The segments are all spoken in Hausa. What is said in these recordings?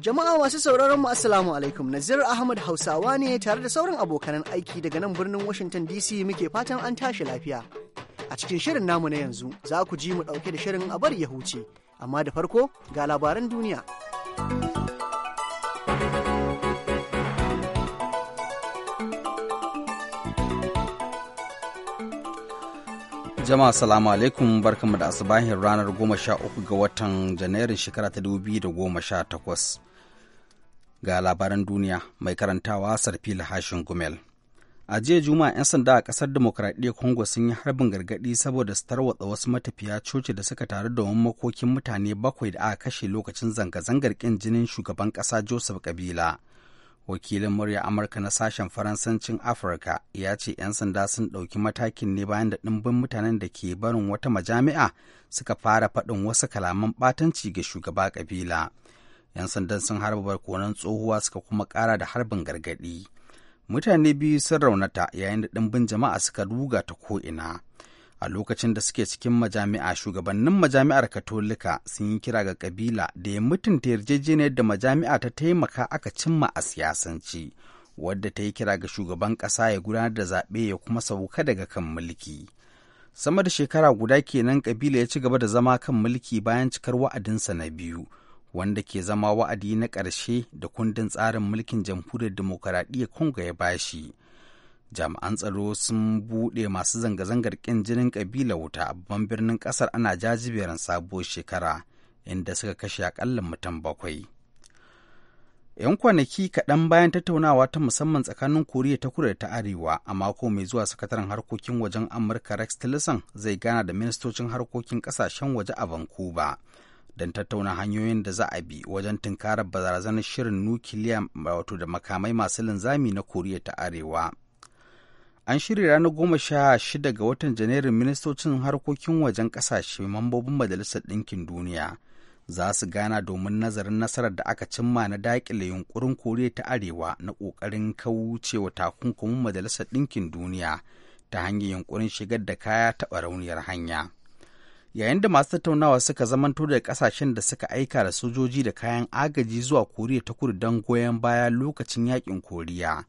Jama'a masu sauraron mu Assalamu alaikum Nazir Ahmad Hausawa ne tare da sauran abokanan aiki daga nan birnin Washington DC muke fatan an tashi lafiya. A cikin shirin namu na yanzu za ku ji mu ɗauke da shirin a bar ya huce, amma da farko ga labaran duniya. jama'a salamu alaikum barkamu da asubahin ranar 13 ga watan janairun shekara ta 2018 ga labaran duniya mai karantawa sarfila hashin gumel a jiya juma'a 'yan sanda a kasar demokradiyyar kongo sun yi harbin gargadi saboda su tarwatsa wasu matafiya coci da suka taru da makokin mutane bakwai da aka kashe lokacin zanga-zangar kin jinin shugaban ƙasa joseph kabila wakilin murya amurka na sashen faransancin afirka ya ce 'yan sanda sun ɗauki matakin ne bayan da ɗimbin mutanen da ke barin wata majami'a suka fara faɗin wasu kalaman ɓatanci ga shugaba kabila 'yan sandan sun harba barkonan tsohuwa suka kuma kara da harbin gargadi. mutane biyu sun raunata yayin da ɗimbin jama'a suka ruga ta ko'ina a lokacin da suke cikin majami'a shugabannin majami'ar katolika sun yi kira ga kabila da ya mutunta yarjejeniyar da majami'a ta taimaka aka cimma a siyasanci wadda ta yi kira ga shugaban ƙasa ya gudanar da zaɓe ya kuma sauka daga kan mulki sama da shekara guda kenan kabila ya ci gaba da zama kan mulki bayan cikar wa'adinsa na biyu wanda ke zama wa'adi na ƙarshe da kundin tsarin mulkin jamhuriyar demokaradiyyar Congo ya bashi. Jami'an tsaro sun buɗe masu zanga-zangar ƙin jinin ƙabila wuta a babban birnin ƙasar ana jajiberin sabuwar shekara, inda suka kashe aƙalla mutum bakwai. 'Yan kwanaki kaɗan bayan tattaunawa ta musamman tsakanin Koriya ta kudu da ta Arewa a mako mai zuwa sakataren harkokin wajen Amurka Rex Tillerson zai gana da ministocin harkokin ƙasashen waje a Vancouver. don tattauna hanyoyin da za a bi wajen tunkarar barazanar shirin nukiliya wato da makamai masu linzami na koriya ta arewa an shirya ranar goma sha shida ga watan janairun ministocin harkokin wajen kasashe mambobin majalisar ɗinkin duniya za su gana domin nazarin nasarar da aka cimma na daƙile yunkurin koriya ta arewa na ƙoƙarin kaucewa takunkumin majalisar ɗinkin duniya ta hanyar yunkurin shigar da kaya ta rauniyar hanya. yayin da masu tattaunawa suka zamanto da kasashen da suka aika da sojoji da kayan agaji zuwa koriya ta kudu don goyon baya lokacin yakin koriya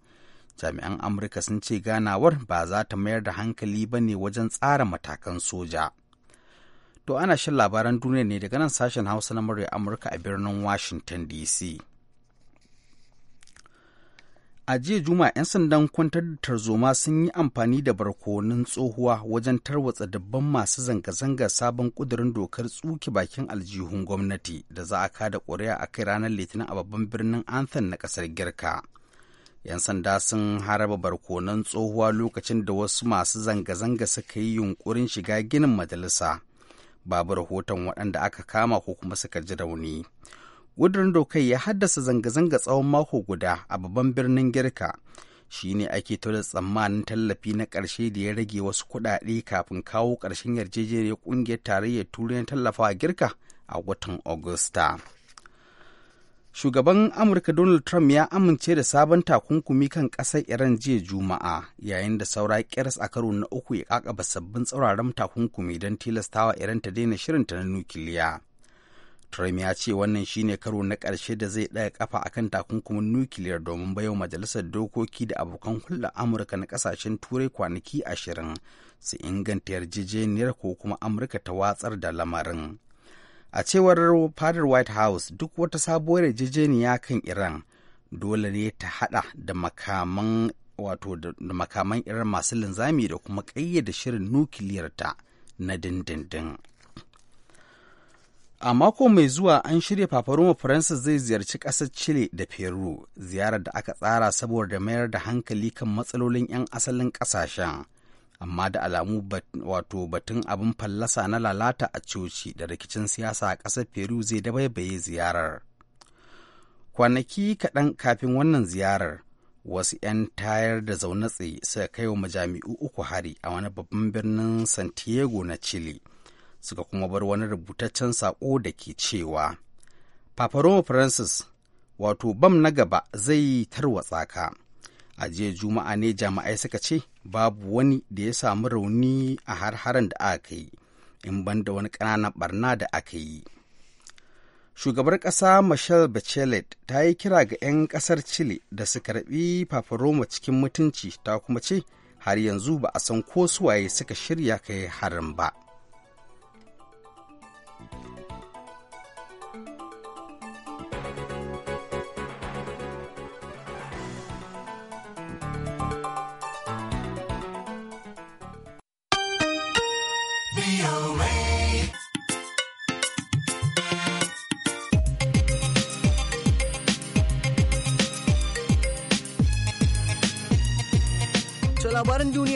jami'an amurka sun ce ganawar ba za ta mayar da hankali ba ne wajen tsara matakan soja to ana shan labaran duniya ne daga nan sashen hausa na murya amurka a birnin washington dc a jiya juma 'yan sandan kwantar da tarzoma sun yi amfani da barkonin tsohuwa wajen tarwatsa dabban masu zanga-zanga sabon kudurin dokar tsuke bakin aljihun gwamnati da za a kada ƙuri'a a kai ranar litinin a babban birnin anthem na ƙasar girka 'yan sanda sun haraba barkonan tsohuwa lokacin da wasu masu zanga-zanga suka yi yunkurin shiga ginin majalisa babu rahoton waɗanda aka kama ko kuma suka ji rauni ƙudurin dokar ya haddasa zanga-zanga tsawon mako guda a babban birnin girka shi ne ake tura tsammanin tallafi na ƙarshe da ya rage wasu kuɗaɗe kafin kawo ƙarshen yarjejeniyar ƙungiyar tarayyar turai na tallafawa girka a watan agusta shugaban amurka donald trump ya amince da sabon takunkumi kan ƙasar iran jiya juma'a yayin da saura kiras a karo na uku ya ƙaƙaba sabbin tsauraran takunkumi don tilastawa iran ta daina shirinta na nukiliya Trump ya ce wannan shine karo na ƙarshe da zai ɗaya kafa akan takunkumin nukiliyar domin bayo majalisar dokoki da abokan hulɗa Amurka na ƙasashen turai kwanaki ashirin su inganta yarjejeniyar ko kuma Amurka ta watsar da lamarin. A cewar fadar White House duk wata sabuwar yarjejeniya kan Iran dole ne ta haɗa da makaman wato da makaman Iran masu linzami da kuma ƙayyade shirin nukiliyarta na dindindin. A mako mai zuwa an shirya Paparoma faransa zai ziyarci ƙasar Chile da Peru, ziyarar da aka tsara saboda mayar da hankali kan matsalolin 'yan asalin ƙasashen. Amma da alamu wato batun abin fallasa na lalata a coci da rikicin siyasa a ƙasar Peru zai dabaibaye ziyarar. Kwanaki kaɗan kafin wannan ziyarar, wasu 'yan tayar da zaune tsaye suka kai wa majami'u uku hari a wani babban birnin Santiago na Chile. suka kuma bar wani rubutaccen sako da ke cewa Papa Roma Francis wato bam na gaba zai tarwatsa ka. A jiya Juma'a ne jama'ai suka ce babu wani da ya samu rauni a har da aka yi, in ban da wani ƙananan barna da aka yi. Shugabar ƙasa Michelle Bachelet ta yi kira ga 'yan ƙasar Chile da su karɓi Paparoma cikin mutunci ta kuma ce har yanzu ba a san ko suwaye suka shirya kai harin ba.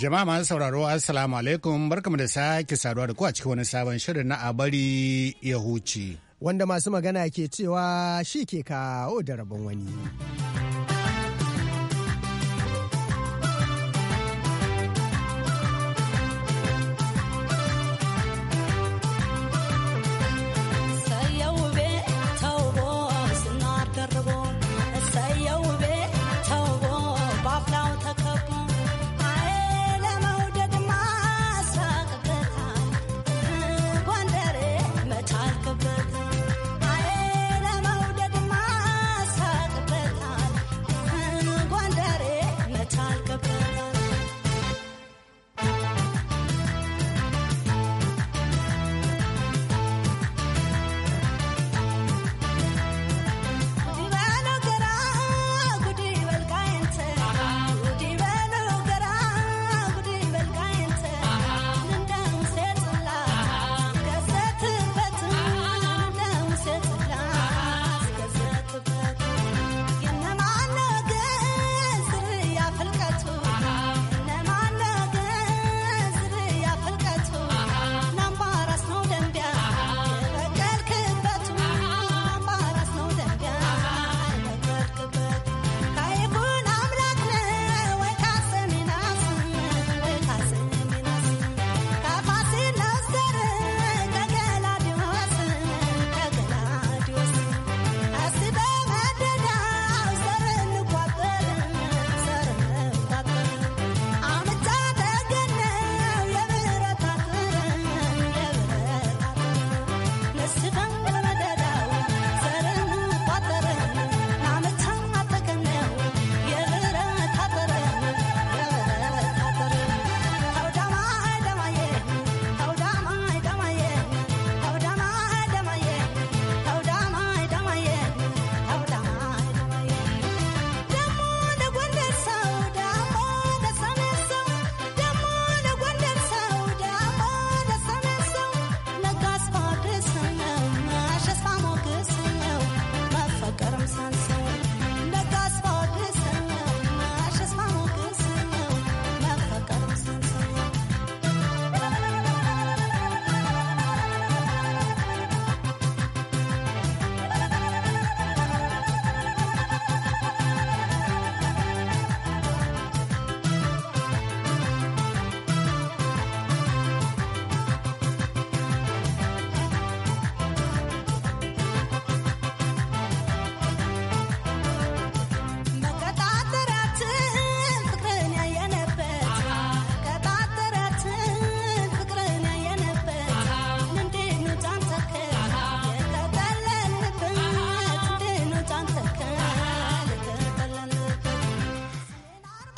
Jama'a masu sauraro Assalamu alaikum barkamu da sake saduwa da ku a cikin wani sabon shirin na abari ya huce. Wanda masu magana ke cewa shi ke kawo da rabon wani.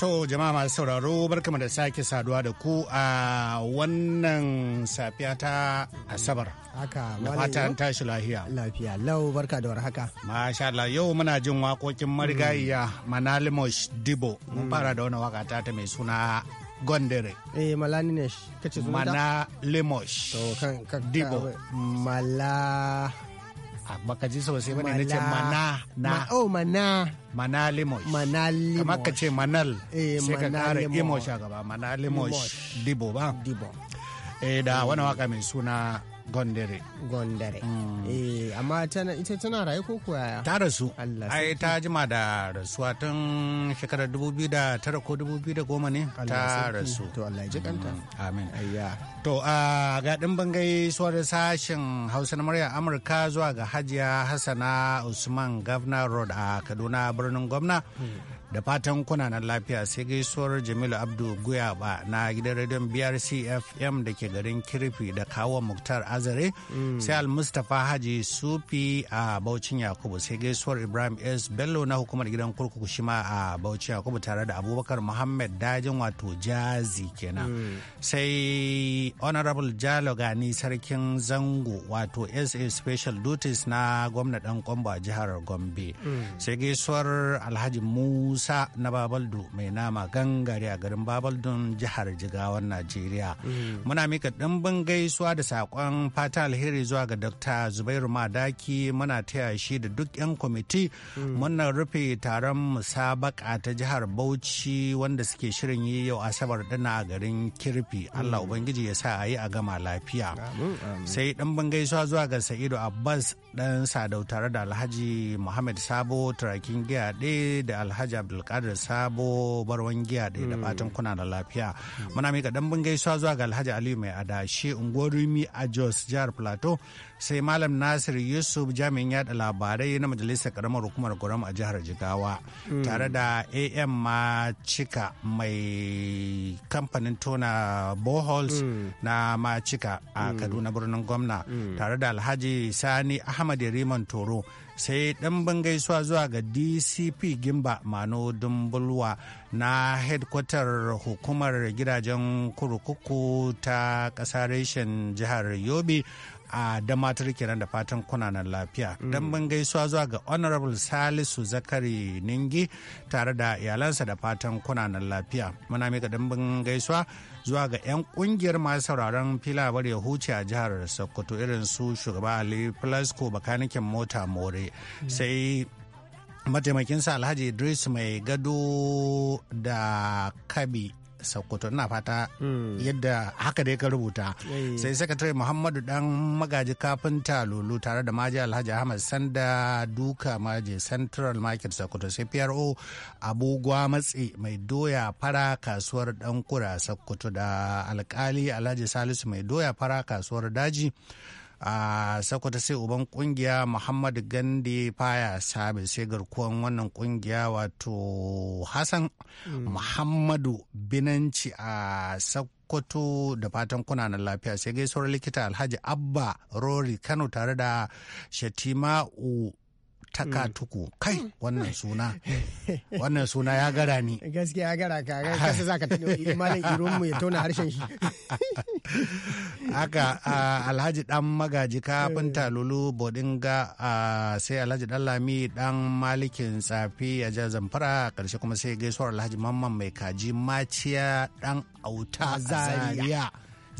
To jama'a masu sauraro barkamu da sake saduwa da ku a wannan safiya ta Asabar. Haka da fatan tashi lafiya. Lafiya lau barka da warhaka. Masha Allah yau muna jin waƙoƙin marigayya Manalimosh Dibo. Mun fara da wani waka ta ta mai suna Gondere. Eh Malani ne kace zuwa. Manalimosh. To kan Dibo. Mala Ah, baka ji sosai bane mana na oh mana mana limosh mana limosh kamar ka ce manal eh, sai ka kara imosh a gaba mana limosh dibo ba dibo eh da wani waka mai suna Gondare. Gondare. Mm. Eh, amma ita tana raye ko kuwa Ta rasu. Ai ta jima da rasuwa tun shekarar tara ko goma ne ta rasu. To Allah ji kanta. Mm, amin. Ayya. To a ga bangai suwar sashen Hausa na murya Amurka zuwa ga Hajiya Hassana Usman Governor Road a Kaduna birnin gwamna. Mm. da fatan kunanan lafiya sai gaisuwar jamilu abdu guyaba na gidan rediyon brc fm da ke garin kirfi da kawo muktar azare mm. sai almustapha haji sufi a baucin yakubu sai gaisuwar ibrahim s bello na hukumar gidan kurkuku shima a baucin yakubu tare da abubakar muhammad dajin wato jazi kenan mm. sai honorable jalo gani sarkin zango wato sa special duties na Gwamna dan kwamba jihar gombe mm. sai gaisuwar alhaji musa Musa na Babaldu mai nama gangare a garin Babaldun jihar Jigawar Najeriya. Mm. Muna mika ɗimbin gaisuwa da saƙon fata alheri zuwa ga Dr. Zubairu Madaki muna taya shi da duk 'yan kwamiti mm. muna rufe taron musabaka ta jihar Bauchi wanda suke shirin yi yau Asabar dana a garin Kirfi. Mm. Allah Ubangiji ya sa a yi a gama lafiya. Sai ɗimbin gaisuwa zuwa ga Sa'idu Abbas dan sadau tare da alhaji muhammad sabo turakin giya ɗaya da alhaji abdulkadir sabo barwan giya ɗaya da mm. fatan kuna da lafiya muna mika dan bin gaisuwa zuwa ga alhaji aliyu mai adashi ungorimi a jos jihar plateau sai malam nasir yusuf jami'in yada labarai na majalisar karamar hukumar gwaram a jihar jigawa mm. tare da am cika mai kamfanin tona boholes mm. na cika a kaduna birnin gwamna tare da alhaji sani ahmad riman toro sai dan bangaisuwa zuwa ga dcp gimba mano dumbulwa na hedkwatar hukumar gidajen kurkuku ta ƙasa reshen jihar yobe a damatar kiran da fatan kunanan lafiya mm. don mun gaisuwa zuwa ga honorable salisu zakari ningi tare da iyalansa da fatan kunanan lafiya muna mika dimbin gaisuwa zuwa ga 'yan kungiyar masu sauraron filabar ya huce a jihar sokoto irin su shugaba ali plasco bakanikin mota more mm. sai mataimakinsa alhaji idris mai gado da kabi sokoto na fata hmm. yadda haka dai ka rubuta sai sakatare muhammadu dan magaji kafinta lulu tare da maji alhaji ahmad sanda duka maji central market sokoto sai pro abu gwamatsi mai doya fara kasuwar dan kura sokoto da alkali alhaji salisu mai doya fara kasuwar daji a sakwata sai uban kungiya muhammadu gandi faya sabi sai garkuwan wannan kungiya wato hassan mm. muhammadu binanci a sakkwato da fatan kunanan lafiya sai gaisuwar likita alhaji abba Rory kano tare da shatima'u takatuku mm. kai mm. wannan mm. suna wannan suna ya gara ni gaskiya ya gara ka kasa zaka malam irin mu ya tona harshen shi haka alhaji dan magaji kafin eh. lulu bodinga sai alhaji dan lami dan malikin tsafi a jihar zamfara karshe kuma sai gaisuwar alhaji mamman mai kaji maciya dan auta zaria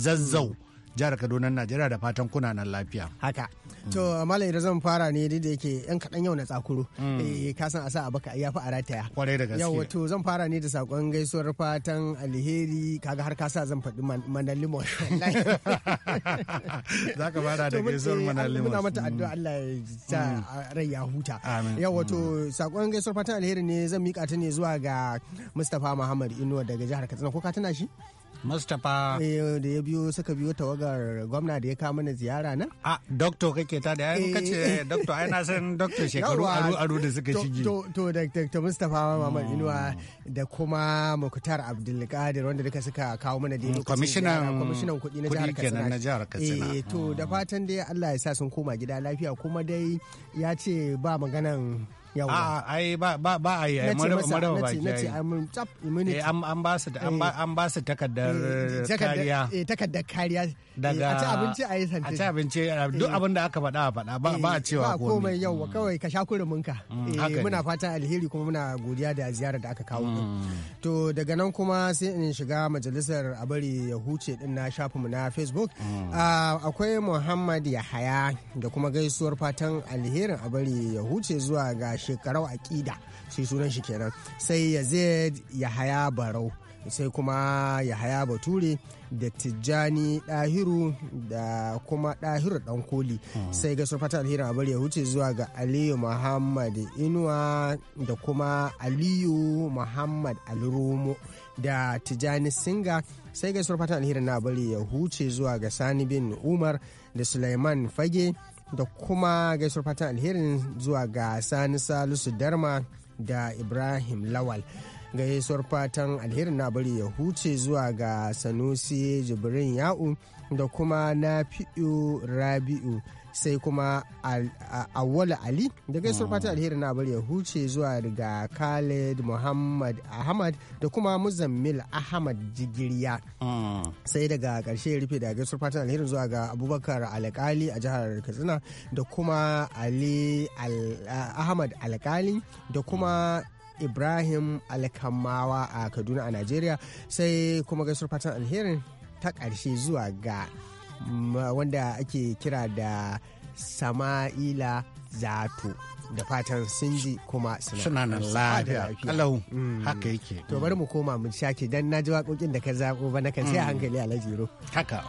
zazzau jihar kaduna najeriya da fatan kuna nan lafiya haka to malam idan zan fara ne da yake yan kaɗan yau na tsakuro mm. eh, ka san a sa abaka ya fi a rataya kwarai da gaske yawa to zan fara ne da sakon gaisuwar fatan alheri kaga har ka sa zan faɗi manan limon za ka fara da gaisuwar manan limon muna mata addu'a mm. Allah ya sa mm. rai ya huta yawa to sakon gaisuwar fatan alheri ne zan mika ta ne zuwa ga Mustapha Muhammad Inuwa daga jihar Katsina ko ka tana shi mustapha eh, da ya biyo suka biyo tawagar gwamna da ya kawo mana ziyara nan a ah, doktor kake ta da yayin kace eh. doktor ai na san doktor shekaru aru aru da suka shige to to doctor mustapha mamman oh. inuwa da kuma muktar abdulkadir wanda duka suka kawo mana da hmm, kwamishinan kwamishinan kudi na jihar katsina na jihar katsina eh to da hmm. fatan dai Allah ya sa sun koma gida lafiya kuma dai ya ce ba maganan yawa ai ba ba ba an ba su an eh. eh, takardar kariya eh, takardar kariya daga a ci abinci a yi a ci abinci duk abin da aka faɗa a faɗa ba a cewa komai yawa mm. kawai ka sha mm, muna alheri kuma muna godiya da ziyarar da aka kawo mm. to daga nan kuma sai in shiga majalisar a bari ya huce din na na facebook ah, akwai muhammad yahaya da kuma gaisuwar fatan alherin a bari ya huce zuwa ga shekarau aƙida shi sunan shi kenan sai yazid yahaya barau sai kuma yahaya bature da tijjani ɗahiru da kuma ɗahiru dan koli hmm. sai ga surfata a abar ya huce zuwa ga aliyu muhammad inuwa da kuma aliyu muhammad alrumo da tijjani singa sai gaisuwar fata alherin na bari ya huce zuwa ga sani bin umar da suleiman fage da kuma gaisuwar fata alherin zuwa ga sani salisu darma da ibrahim lawal gaisuwar fatan alherin na bari ya huce zuwa ga sanusi jibrin ya'u da kuma na rabi'u sai kuma awwala ali da gaisuwar fata mm. alheri na bari ya huce zuwa daga khaled muhammad ahmad da kuma muzammil ahmad jigiriya mm. sai daga karshe rufe da gaisuwar fata alheri zuwa ga abubakar alkali a jihar katsina da kuma ali ahmad alkali da kuma ibrahim alkamawa a kaduna a najeriya sai kuma gaisuwar fatan alherin ta karshe zuwa ga wanda ake kira da sama'ila zato da fatan sun ji kuma suna nan lafiya kalau mm. haka yake to bari mu koma mu shake dan na ji waƙoƙin da ka zaƙo ba na kan sai a mm. hankali a lajiro haka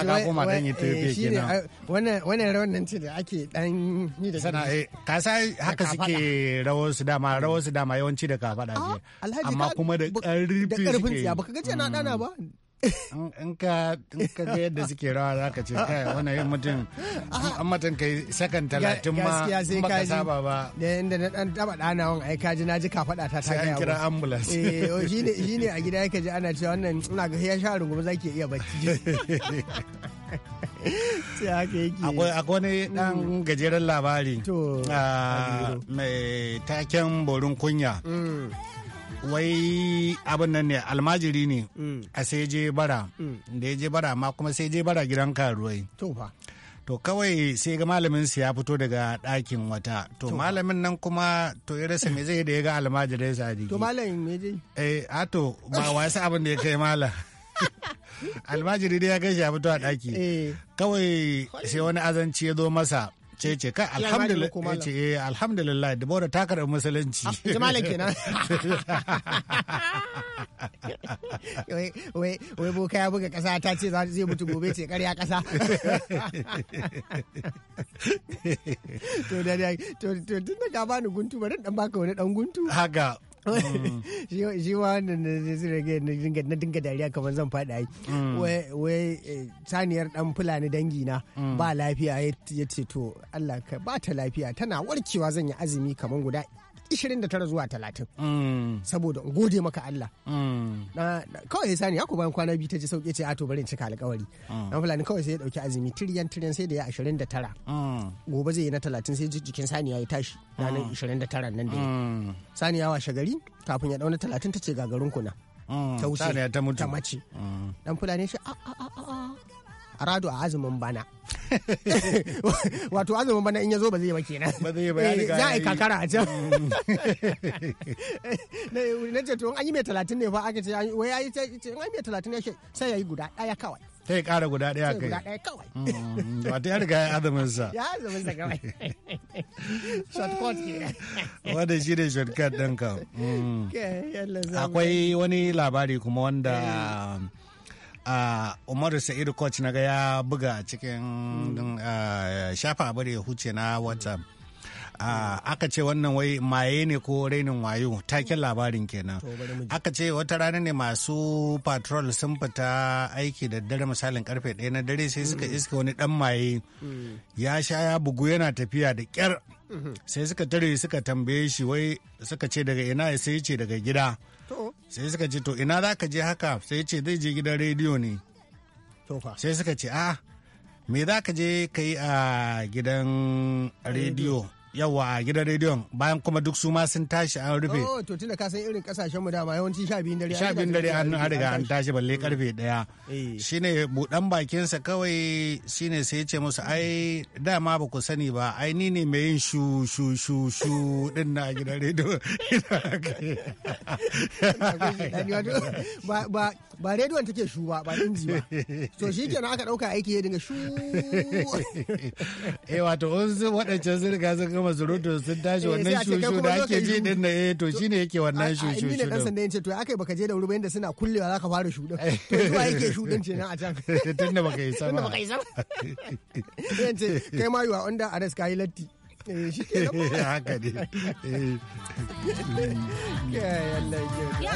amma ka koma dan yi turbe eh, kenan eh, wannan rawan nan ce da ake dan yi da sana eh, ka sai haka suke rawar su dama rawar su dama yawanci da ah, ka faɗa amma kuma da karfi da karfin baka ga na dana mm. ba in ka ga yadda suke rawa za ka ce kai wani yin mutum an matan kai sakan talatin ma maka saba ba da yadda na dan taba dana wan ai kaji na ji ka faɗa ta ta gaya an kira ambulance eh oh, shine shine a gida yake ji ana cewa wannan ina ga ya sha za ki iya bacci sai haka yake akwai wani dan mm. gajeren labari ah, mai taken borin kunya mm. wai abin nan ne almajiri ne mm. a sai je bara mm. da ya je bara ma kuma sai je bara gidan karuwai to kawai sai ga malamin su ya fito daga ɗakin wata to malamin nan kuma to ya rasa me zai da ya ga almajirai sa jiki to malamin me zai eh a to ba wasu abin da ya kai mala almajiri dai ya gaishe ya fito a ɗaki eh. kawai sai wani azanci ya zo masa ce ce kai alhamdulillah ce eh, alhamdulillah da bora ta karɓi musulunci ah, jama'a kenan wai wai boka ya buga kasa ta ce zai mutu gobe ce karya kasa to da to tun da ka bani guntu bari dan baka wani dan guntu haga Mm. shi ma wannan na su rage na dinga dariya kamar zan faɗa yi mm. wai eh, saniyar dan fulani dangi na mm. ba lafiya ya ce to Allah ka ba ta lafiya tana warkewa zan yi azumi kamar guda 29 zuwa 30 mm. saboda in gode maka Allah mm. Na, kawai ya sani yaku bayan kwana biyu ta ji sauke ce a to bari in cika alƙawari mm. Na fulani kawai sai ya ɗauki azumi tiryan tiryan sai da ya 29 gobe zai yi na 30 sai jikin saniya ya tashi ranar 29 nan da ya. saniya washe gari kafin ya dauna 30 ta ce gagarin kuna Mm. ta wuce ta mace Mm. dan fulani shi a a a a aradu a azumin bana wato azumin bana in ya zo ba zai ba kenan ba eh, za a yi kakara a can na ce to an yi mai talatin ne fa aka ce wai ya yi ce an yi mai talatin ne sai ya yi guda daya kawai sai ya ƙara guda ɗaya kai guda ɗaya kawai mm, mm, wato ya riga ya azumin sa ya azumin sa kawai shortcut ke wanda shi ne shortcut ɗin ka. Mm. akwai wani labari kuma wanda eh. uh, umaru sa'idu coach naga ya buga cikin mm. uh, shafa abu huce na whatsapp aka ce wannan wai maye ne ko rainin wayo taken labarin kenan aka ce wata rana ne masu patrol sun fita aiki da dare misalin karfe 1 na dare sai suka mm. iska wani dan maye mm. ya sha ya bugu yana tafiya da kyar sai suka tare suka tambaye shi wai suka ce daga ina sai ya ce daga gida sai suka ce to ina za ka je haka sai ya ce zai je gidan rediyo ne sai suka ce a ah, me za ka je ka yi a gidan rediyo yawa a gidan rediyon bayan kuma duk su ma sun tashi an rufe. Oh, to tunda ka san irin kasashen mu dama yawanci sha biyun dare. Sha biyun dare an riga an tashi balle karfe daya. Eh. ne buɗan bakinsa kawai shi ne sai ya ce musu ai dama ba ku sani ba ai ni ne mai yin shu shu shu shu din na gidan rediyo. Ba ba rediyon take shu ba ba inji ba. To shi kenan aka ɗauka aiki ya dinga shu. Eh wato waɗancan sun riga sun gama zurutu sun tashi eh, wannan shushu da ake ji din na eh to shine yake wannan shushu shushu da ɗan sanda yace to akai baka je da wuri ba inda suna kullewa zaka fara shudin eh. to zuwa yake shudin ce nan a can tunda baka yi sama da baka yi sama yace kai ma yiwa under arrest kai latti eh shi ke haka ne eh ya Allah ya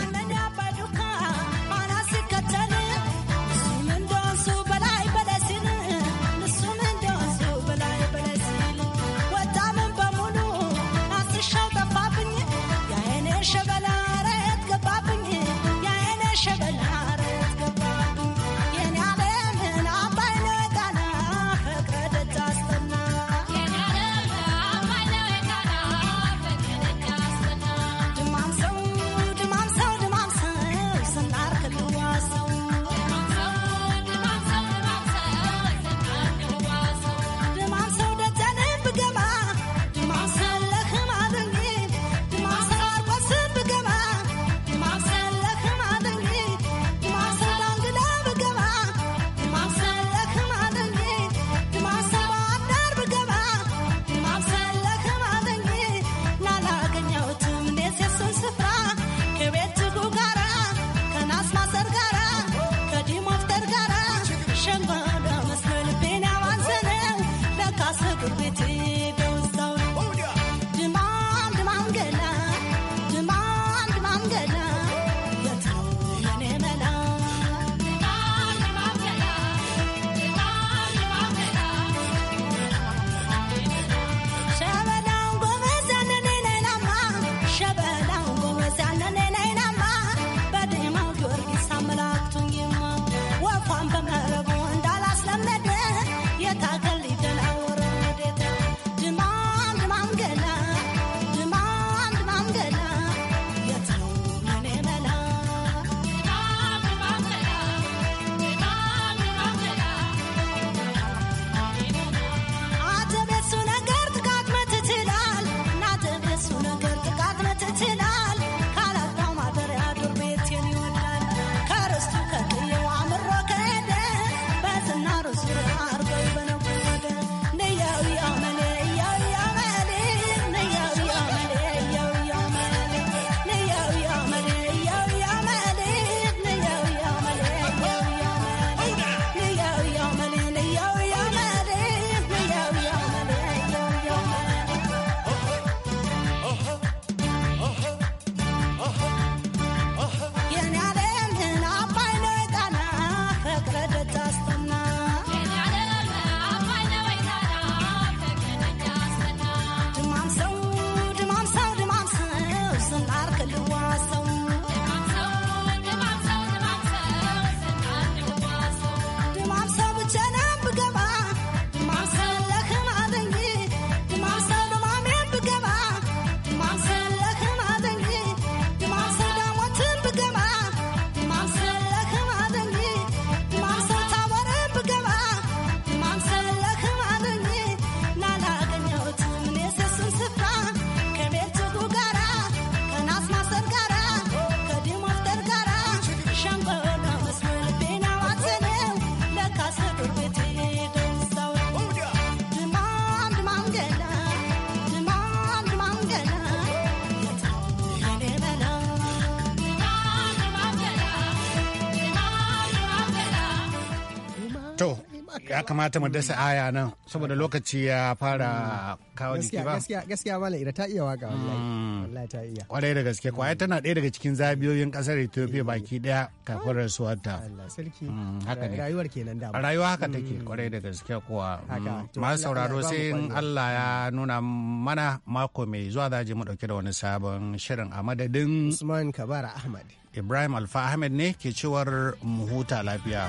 ya kamata mu dasa aya nan saboda lokaci ya fara kawo jiki ba gaskiya gaskiya mala ira ta iya waka hmm. wallahi ta iya kwarai da gaske kwaya tana ɗaya daga cikin zabiyoyin kasar Ethiopia baki daya kafin rasuwarta Allah hmm, haka ne rayuwar kenan da rayuwa haka take hmm. kwarai da gaske kuwa masu sauraro sai in Allah ya nuna mana mako mai zuwa za mu dauke da wani sabon shirin a madadin Usman Kabara Ahmad Ibrahim Alfa Ahmed ne ke cewar mu huta lafiya.